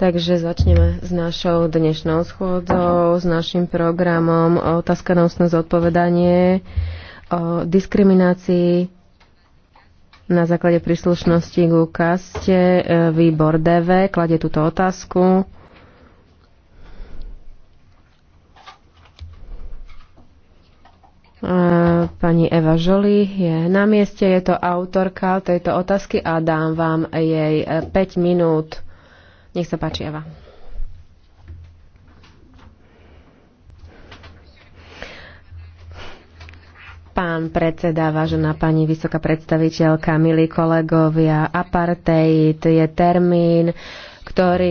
Takže začneme s našou dnešnou schôdzou, s našim programom Otázka na ústne zodpovedanie o diskriminácii na základe príslušnosti k kaste e, výbor DV kladie túto otázku. Pani Eva Žoli je na mieste, je to autorka tejto otázky a dám vám jej 5 minút nech sa páči, Eva. Pán predseda, vážená pani vysoká predstaviteľka, milí kolegovia, apartheid je termín, ktorý